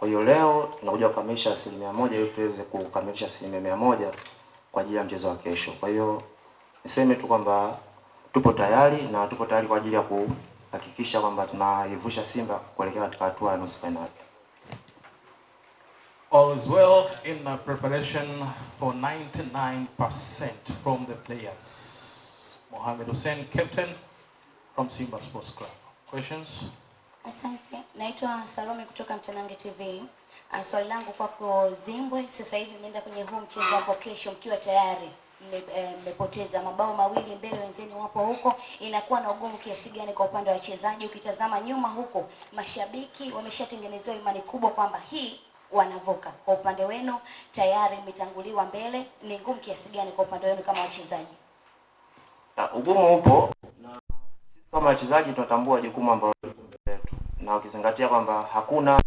Kwa hiyo leo tunakuja kukamilisha asilimia moja ili tuweze kukamilisha asilimia mia moja kwa ajili ya mchezo wa kesho. Kwa hiyo niseme tu kwamba tupo tayari na tupo tayari kwa ajili ya kuhakikisha kwamba tunaivusha Simba kuelekea katika hatua ya nusu fainali. All is well in the preparation for 99% from the players. Mohamed Hussein, captain from Simba Sports Club. Questions? Asante, naitwa Salome kutoka Mtanange TV. Ah, swali langu kwako Zimbwe, sasa hivi mmeenda kwenye huu mchezo hapo kesho mkiwa tayari eh, mmepoteza mabao mawili mbele, wenzeni wapo huko, inakuwa na ugumu kiasi gani kwa upande wa wachezaji? Ukitazama nyuma huko, mashabiki wameshatengenezewa imani kubwa kwamba hii wanavuka. Kwa upande wenu tayari mmetanguliwa mbele, ni ngumu kiasi gani kwa upande wenu kama wachezaji? Ah, ugumu upo na kama wachezaji tunatambua jukumu ambalo na wakizingatia kwamba hakuna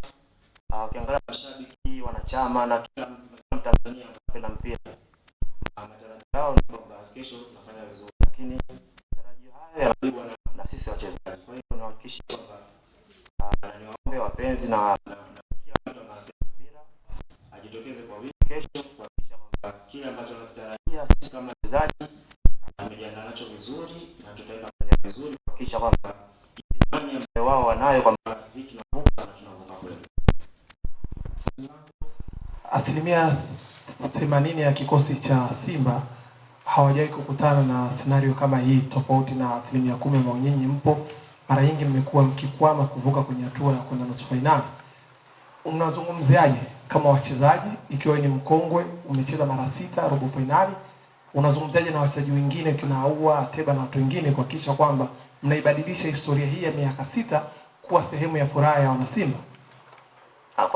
wakiangalia ah, mashabiki wanachama na kila Mtanzania anapenda mpira, ah, matarajio yao ni kwamba kesho tunafanya vizuri, lakini matarajio hayo yanabebwa na sisi wachezaji. Kwa hiyo kwamba uh, niwaombe wapenzi na kila mtu anapenda mpira ajitokeze kwa wingi kesho kuhakikisha kwamba kile ambacho sisi kama wachezaji tumejiandaa nacho vizuri na tutaenda kufanya vizuri kuhakikisha kwamba imani ambayo wao wanayo asilimia themanini ya kikosi cha Simba hawajawahi kukutana na scenario kama hii, tofauti na asilimia kumi ambao nyinyi mpo. Mara nyingi mmekuwa mkikwama kuvuka kwenye hatua ya kwenda nusu fainali. Unazungumziaje kama wachezaji, ikiwa ni mkongwe, umecheza mara sita robo fainali, unazungumziaje na wachezaji wengine kina Ahoua, Ateba na watu wengine kuhakikisha kwamba mnaibadilisha historia hii ya miaka sita kuwa sehemu ya furaha ya Wanasimba? Ah,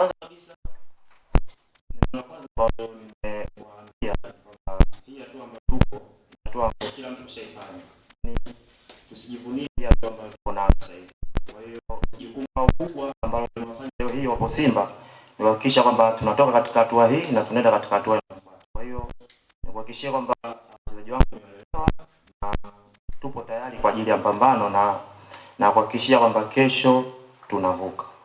tushaifanya. Tusijivunie vitu tuko sasa hivi. Kwa hiyo jukumu kubwa ambalo leo hii wapo Simba ni kuhakikisha kwamba tunatoka katika hatua hii na tunaenda katika hatua inayofuata. Kwa hiyo kuhakikishia kwamba wachezaji wangu wameelewa na tupo tayari kwa ajili ya mpambano na na kuhakikishia kwamba kesho tunavuka.